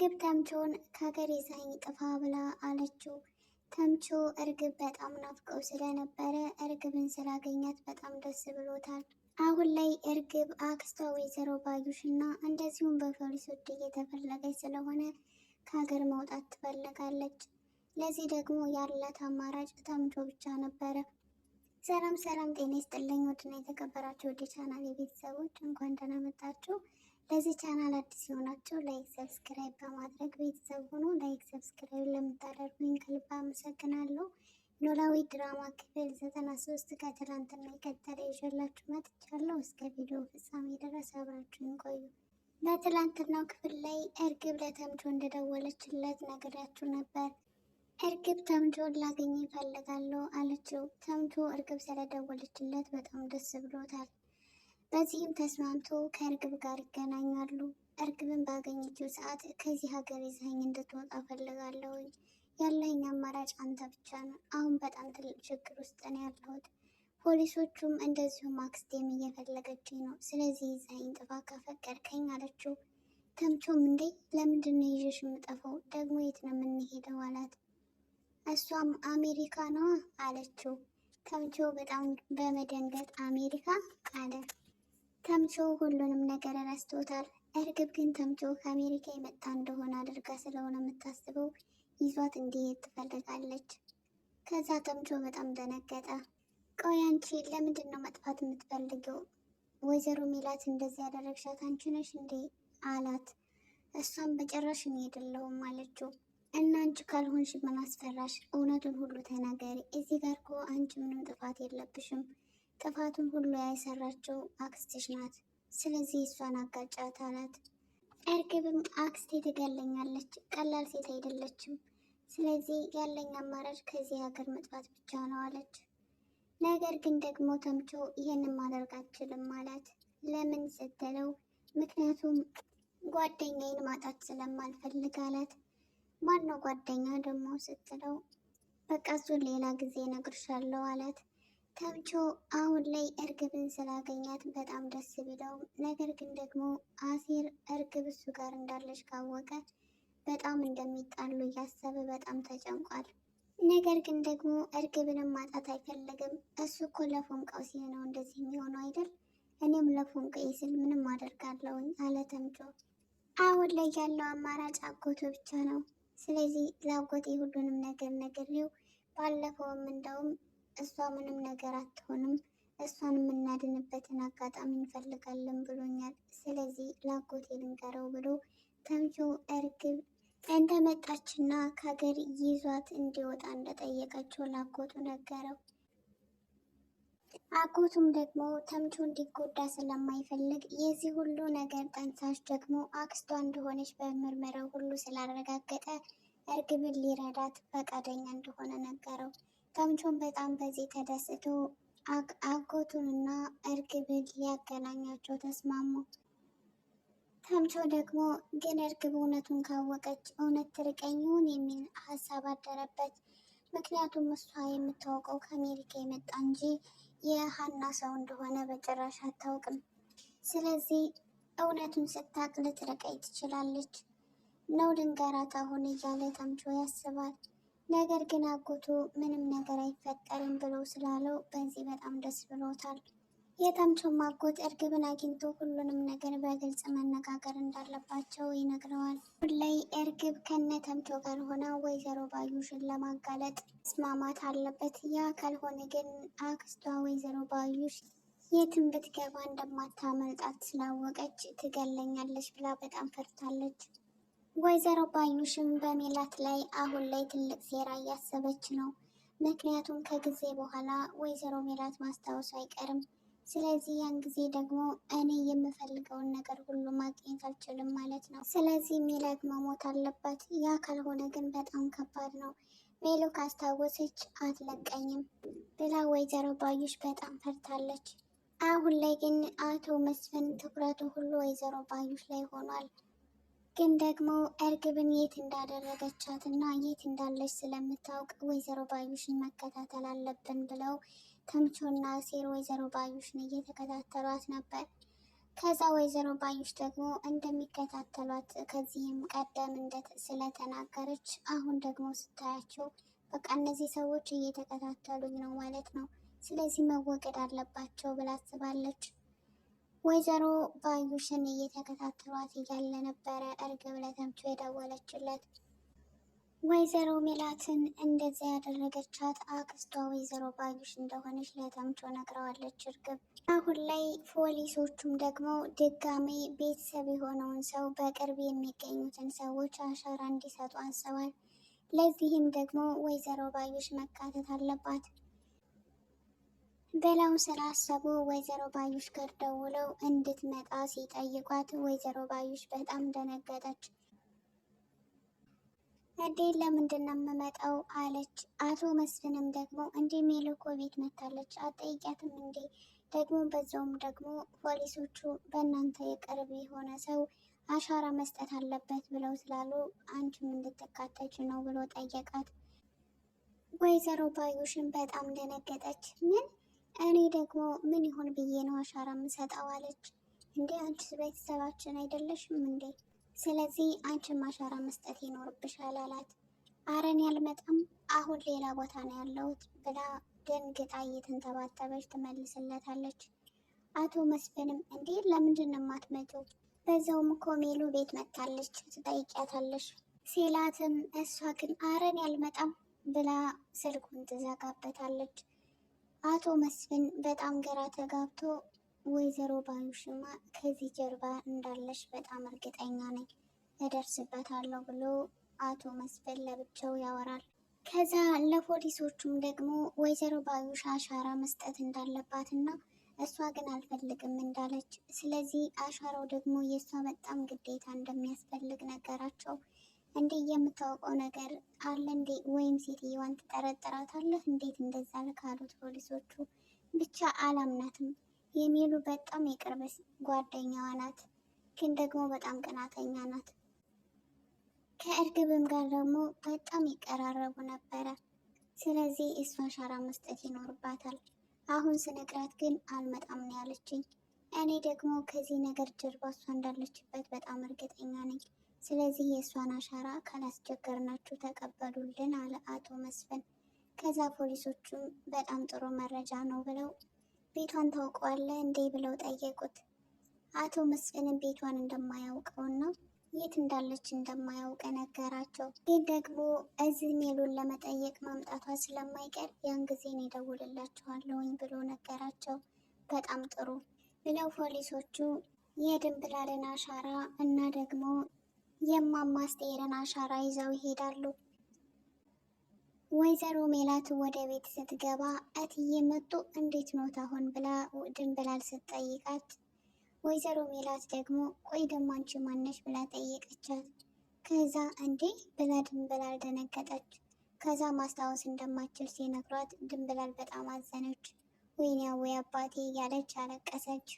እርግብ ተምቾን ከሀገር ይዘኸኝ ጥፋ ብላ አለችው። ተምቾ እርግብ በጣም ናፍቀው ስለነበረ እርግብን ስላገኛት በጣም ደስ ብሎታል። አሁን ላይ እርግብ አክስቷ ወይዘሮ ባዩሽ እና እንደዚሁም በፖሊሶች እየተፈለገች ስለሆነ ከሀገር መውጣት ትፈልጋለች። ለዚህ ደግሞ ያላት አማራጭ ተምቾ ብቻ ነበረ። ሰላም ሰላም፣ ጤና ይስጥልኝ ውድና የተከበራችሁ ወደ ቻናል የቤተሰቦች እንኳን ደህና መጣችሁ። ለዚህ ቻናል አዲስ የሆናችሁ ላይክ ሰብስክራይብ በማድረግ ቤተሰብ ሆኖ ላይክ ሰብስክራይብ ለምታደርጉኝ ከልብ አመሰግናለሁ። ኖላዊ ድራማ ክፍል ዘጠና ሶስት ከትላንትና የቀጠለ ይዤላችሁ መጥቻለሁ። እስከ ቪዲዮ ፍጻሜ ድረስ አብራችሁን ቆዩ። በትላንትናው ክፍል ላይ እርግብ ለተምቾ እንደደወለችለት ነገራችሁ ነበር። እርግብ ተምቾን ላገኝ ይፈልጋለሁ አለችው። ተምቾ እርግብ ስለደወለችለት በጣም ደስ ብሎታል። በዚህም ተስማምቶ ከእርግብ ጋር ይገናኛሉ። እርግብን ባገኘችው ሰዓት ከዚህ ሀገር ይዘኸኝ እንድትወጣ ፈልጋለሁ። ያለኝ አማራጭ አንተ ብቻ ነው። አሁን በጣም ትልቅ ችግር ውስጥ ነው ያለሁት። ፖሊሶቹም እንደዚሁም ማክስቴም እየፈለገችኝ ነው። ስለዚህ ይዘኸኝ ጥፋ ከፈቀድከኝ አለችው። ተምቾም እንዴ ለምንድን ነው ይዤሽ የምጠፋው? ደግሞ የት ነው የምንሄደው? አላት። እሷም አሜሪካ ነዋ አለችው። ተምቾ በጣም በመደንገጥ አሜሪካ አለ። ተምቾ ሁሉንም ነገር ረስቶታል። እርግብ ግን ተምቹ ከአሜሪካ የመጣ እንደሆነ አድርጋ ስለሆነ የምታስበው ይዟት እንዲሄድ ትፈልጋለች። ከዛ ተምቾ በጣም ደነገጠ። ቆይ አንቺ ለምንድን ነው መጥፋት የምትፈልገው? ወይዘሮ ሜላት እንደዚህ ያደረግሻት አንቺ ነሽ እንዴ አላት። እሷም በጭራሽ እኔ አይደለሁም አለችው። እና አንቺ ካልሆንሽ ምን አስፈራሽ? እውነቱን ሁሉ ተናገሪ። እዚህ ጋር እኮ አንቺ ምንም ጥፋት የለብሽም ጥፋቱን ሁሉ ያይሰራቸው አክስትሽ ናት። ስለዚህ እሷን አጋጫት አላት። እርግብም አክስቴ ትገለኛለች፣ ቀላል ሴት አይደለችም። ስለዚህ ያለኝ አማራጭ ከዚህ ሀገር መጥፋት ብቻ ነው አለች። ነገር ግን ደግሞ ተምቾ ይህንን ማድረግ አልችልም አላት። ለምን ስትለው ምክንያቱም ጓደኛዬን ማጣት ስለማልፈልግ አላት። ማነው ጓደኛ ደግሞ ስትለው በቃ እሱን ሌላ ጊዜ እነግርሻለሁ አላት። ተምቾ አሁን ላይ እርግብን ስላገኛት በጣም ደስ ቢለውም ነገር ግን ደግሞ አሴር እርግብ እሱ ጋር እንዳለች ካወቀ በጣም እንደሚጣሉ እያሰበ በጣም ተጨንቋል። ነገር ግን ደግሞ እርግብንም ማጣት አይፈልግም። እሱ እኮ ለፎንቃው ሲል ነው እንደዚህ የሚሆነው አይደል? እኔም ለፎንቃዬ ስል ምንም አደርጋለውኝ አለ ተምቾ አሁን ላይ ያለው አማራጭ አጎቶ ብቻ ነው። ስለዚህ ለአጎቴ ሁሉንም ነገር ነግሬው ባለፈውም እንደውም እሷ ምንም ነገር አትሆንም፣ እሷን የምናድንበትን አጋጣሚ እንፈልጋለን ብሎኛል። ስለዚህ ላጎቴ ልንገረው ብሎ ተምቹ እርግብ እንደመጣችና ከሀገር ይዟት እንዲወጣ እንደጠየቀችው ላጎቱ ነገረው። አጎቱም ደግሞ ተምቹ እንዲጎዳ ስለማይፈልግ የዚህ ሁሉ ነገር ጠንሳሽ ደግሞ አክስቷ እንደሆነች በምርመራው ሁሉ ስላረጋገጠ እርግብን ሊረዳት ፈቃደኛ እንደሆነ ነገረው። ተምቾን በጣም በዚህ ተደስቶ አጎቱንና እርግብን ሊያገናኛቸው ተስማሙ። ተምቾ ደግሞ ግን እርግብ እውነቱን ካወቀች እውነት ትርቀኝ ይሆን የሚል ሀሳብ አደረበት። ምክንያቱም እሷ የምታውቀው ከአሜሪካ የመጣ እንጂ የሀና ሰው እንደሆነ በጭራሽ አታውቅም። ስለዚህ እውነቱን ስታቅ ልትርቀኝ ትችላለች ነው ልንገራት አሁን እያለ ተምቾ ያስባል። ነገር ግን አጎቱ ምንም ነገር አይፈጠርም ብሎ ስላለው በዚህ በጣም ደስ ብሎታል። የተምቹም አጎት እርግብን አግኝቶ ሁሉንም ነገር በግልጽ መነጋገር እንዳለባቸው ይነግረዋል። ሁን ላይ እርግብ ከነ ተምቾ ጋር ሆና ወይዘሮ ባዩሽን ለማጋለጥ መስማማት አለበት። ያ ካልሆነ ግን አክስቷ ወይዘሮ ባዩሽ የትም ብትገባ እንደማታመልጣት ስላወቀች ትገለኛለች ብላ በጣም ፈርታለች። ወይዘሮ ባዩሽም በሜላት ላይ አሁን ላይ ትልቅ ሴራ እያሰበች ነው። ምክንያቱም ከጊዜ በኋላ ወይዘሮ ሜላት ማስታወሱ አይቀርም። ስለዚህ ያን ጊዜ ደግሞ እኔ የምፈልገውን ነገር ሁሉ ማግኘት አልችልም ማለት ነው። ስለዚህ ሜላት መሞት አለባት። ያ ካልሆነ ግን በጣም ከባድ ነው። ሜሉ ካስታወሰች አትለቀኝም ብላ ወይዘሮ ባዩሽ በጣም ፈርታለች። አሁን ላይ ግን አቶ መስፍን ትኩረቱ ሁሉ ወይዘሮ ባዩሽ ላይ ሆኗል። ግን ደግሞ እርግብን የት እንዳደረገቻት እና የት እንዳለች ስለምታውቅ ወይዘሮ ባዩሽን መከታተል አለብን ብለው ተምቾና ሴር ወይዘሮ ባዩሽን እየተከታተሏት ነበር። ከዛ ወይዘሮ ባዩሽ ደግሞ እንደሚከታተሏት ከዚህም ቀደም እንደት ስለተናገረች አሁን ደግሞ ስታያቸው በቃ እነዚህ ሰዎች እየተከታተሉኝ ነው ማለት ነው፣ ስለዚህ መወገድ አለባቸው ብላ አስባለች። ወይዘሮ ባዩሽን እየተከታተሏት እያለ ነበረ እርግብ ለተምቹ የደወለችለት። ወይዘሮ ሜላትን እንደዚያ ያደረገቻት አክስቷ ወይዘሮ ባዩሽ እንደሆነች ለተምቹ ነግረዋለች እርግብ። አሁን ላይ ፖሊሶቹም ደግሞ ድጋሜ ቤተሰብ የሆነውን ሰው በቅርብ የሚገኙትን ሰዎች አሻራ እንዲሰጡ አስበዋል። ለዚህም ደግሞ ወይዘሮ ባዩሽ መካተት አለባት። ብለው ስላሰቡ ወይዘሮ ባዩሽ ጋር ደውለው እንድትመጣ ሲጠይቋት ወይዘሮ ባዩሽ በጣም ደነገጠች። እንዴ ለምንድን ነው የምመጣው? አለች። አቶ መስፍንም ደግሞ እንዴ ሜልኮ ቤት መታለች አጠይቂያትም እንዴ ደግሞ በዛውም ደግሞ ፖሊሶቹ በእናንተ የቅርብ የሆነ ሰው አሻራ መስጠት አለበት ብለው ስላሉ አንቺም እንድትካተች ነው ብሎ ጠየቃት። ወይዘሮ ባዩሽን በጣም ደነገጠች። ምን እኔ ደግሞ ምን ይሁን ብዬ ነው አሻራ የምሰጠው አለች። እንዴ አንቺ ቤተሰባችን አይደለሽም እንዴ? ስለዚህ አንቺም አሻራ መስጠት ይኖርብሻል አላት። አረን ያልመጣም አሁን ሌላ ቦታ ነው ያለሁት ብላ ደንግጣ እየተንተባተበች ትመልስለታለች። አቶ መስፍንም እንዴ ለምንድን ነው የማትመጪው? በዛውም እኮ ሜሉ ቤት መታለች ትጠይቂያታለሽ ሲላትም እሷ ግን አረን ያልመጣም ብላ ስልኩን ትዘጋበታለች። አቶ መስፍን በጣም ግራ ተጋብቶ ወይዘሮ ባዩሽማ ከዚህ ጀርባ እንዳለሽ በጣም እርግጠኛ ነኝ እደርስበታለሁ ብሎ አቶ መስፍን ለብቻው ያወራል። ከዛ ለፖሊሶቹም ደግሞ ወይዘሮ ባዩሽ አሻራ መስጠት እንዳለባትና እሷ ግን አልፈልግም እንዳለች፣ ስለዚህ አሻራው ደግሞ የእሷ በጣም ግዴታ እንደሚያስፈልግ ነገራቸው። እንዴ የምታውቀው ነገር አለ እንዴ? ወይም ሴትዮዋን ትጠረጥራታለህ? እንዴት እንደዛ ልክ ፖሊሶቹ። ብቻ አላምናትም የሚሉ በጣም የቅርብ ጓደኛዋ ናት፣ ግን ደግሞ በጣም ቅናተኛ ናት። ከእርግብም ጋር ደግሞ በጣም ይቀራረቡ ነበረ። ስለዚህ እሷ አሻራ መስጠት ይኖርባታል። አሁን ስነግራት ግን አልመጣም ነው ያለችኝ። እኔ ደግሞ ከዚህ ነገር ጀርባ እሷ እንዳለችበት በጣም እርግጠኛ ነኝ። ስለዚህ የእሷን አሻራ ካላስቸገርናችሁ ተቀበሉልን አለ አቶ መስፍን። ከዛ ፖሊሶቹም በጣም ጥሩ መረጃ ነው ብለው ቤቷን ታውቀዋለህ እንዴ ብለው ጠየቁት። አቶ መስፍንም ቤቷን እንደማያውቀውና የት እንዳለች እንደማያውቅ ነገራቸው። ይህ ደግሞ እዚህ ሜሉን ለመጠየቅ ማምጣቷ ስለማይቀር ያን ጊዜ እኔ እደውልላችኋለሁኝ ብሎ ነገራቸው። በጣም ጥሩ ብለው ፖሊሶቹ የድንብላልን አሻራ እና ደግሞ የእማማ አስቴርን አሻራ ይዘው ይሄዳሉ። ወይዘሮ ሜላት ወደ ቤት ስትገባ እትዬ መጡ እንዴት ኖት አሁን ብላ ድንብላል ስትጠይቃት፣ ወይዘሮ ሜላት ደግሞ ቆይ ደግሞ አንቺ ማነሽ ብላ ጠየቀቻት። ከዛ እንዴ ብላ ድንብላል ደነገጠች። ከዛ ማስታወስ እንደማችል ሲነግሯት ድንብላል በጣም አዘነች። ወይኔ ወይ አባቴ እያለች አለቀሰች።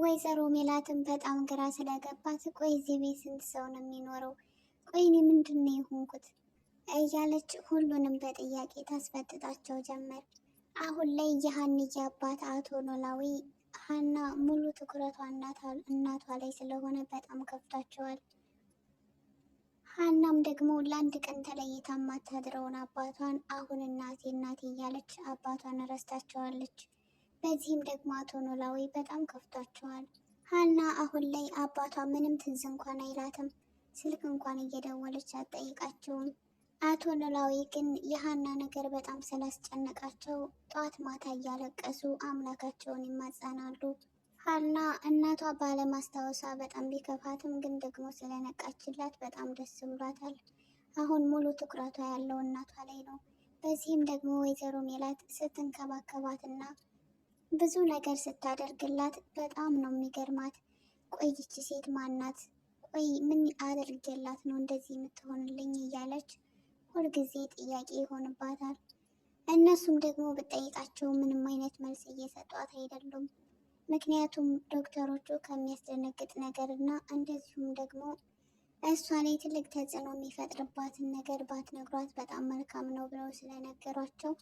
ወይዘሮ ሜላትን በጣም ግራ ስለገባት ቆይ እዚህ ቤት ስንት ሰው ነው የሚኖረው? ቆይ እኔ ምንድን ነው የሆንኩት? እያለች ሁሉንም በጥያቄ ታስፈጥጣቸው ጀመር። አሁን ላይ የሀንዬ አባት አቶ ኖላዊ ሀና ሙሉ ትኩረቷ እናቷ ላይ ስለሆነ በጣም ከፍቷቸዋል። ሀናም ደግሞ ለአንድ ቀን ተለይታ ማታድረውን አባቷን አሁን እናቴ እናቴ እያለች አባቷን ረስታቸዋለች። በዚህም ደግሞ አቶ ኖላዊ በጣም ከፍቷቸዋል። ሀና አሁን ላይ አባቷ ምንም ትዝ እንኳን አይላትም። ስልክ እንኳን እየደወለች አጠይቃቸውም። አቶ ኖላዊ ግን የሀና ነገር በጣም ስላስጨነቃቸው ጠዋት ማታ እያለቀሱ አምላካቸውን ይማጸናሉ። ሀና እናቷ ባለማስታወሷ በጣም ቢከፋትም ግን ደግሞ ስለነቃችላት በጣም ደስ ብሏታል። አሁን ሙሉ ትኩረቷ ያለው እናቷ ላይ ነው። በዚህም ደግሞ ወይዘሮ ሜላት ስትንከባከባትና ብዙ ነገር ስታደርግላት በጣም ነው የሚገርማት። ቆይች ሴት ማናት? ቆይ ምን አድርጌላት ነው እንደዚህ የምትሆንልኝ? እያለች ሁልጊዜ ጥያቄ ይሆንባታል። እነሱም ደግሞ ብጠይቃቸው ምንም አይነት መልስ እየሰጧት አይደሉም። ምክንያቱም ዶክተሮቹ ከሚያስደነግጥ ነገር እና እንደዚሁም ደግሞ እሷ ላይ ትልቅ ተጽዕኖ የሚፈጥርባትን ነገር ባትነግሯት በጣም መልካም ነው ብለው ስለነገሯቸው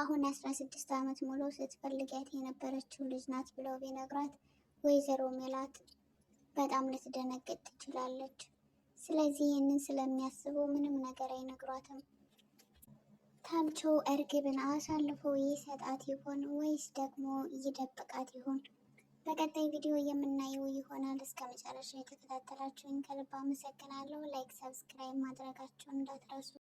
አሁን አስራ ስድስት ዓመት ሙሉ ስትፈልጋት የነበረችው ልጅ ናት ብለው ቢነግሯት ወይዘሮ ሜላት በጣም ልትደነግጥ ትችላለች። ስለዚህ ይህንን ስለሚያስቡ ምንም ነገር አይነግሯትም። ታምቾ እርግብን አሳልፎ ይሰጣት ይሆን ወይስ ደግሞ ይደብቃት ይሆን? በቀጣይ ቪዲዮ የምናየው ይሆናል። እስከ መጨረሻ የተከታተላችሁን ከልብ አመሰግናለሁ። ላይክ፣ ሰብስክራይብ ማድረጋችሁን እንዳትረሱ።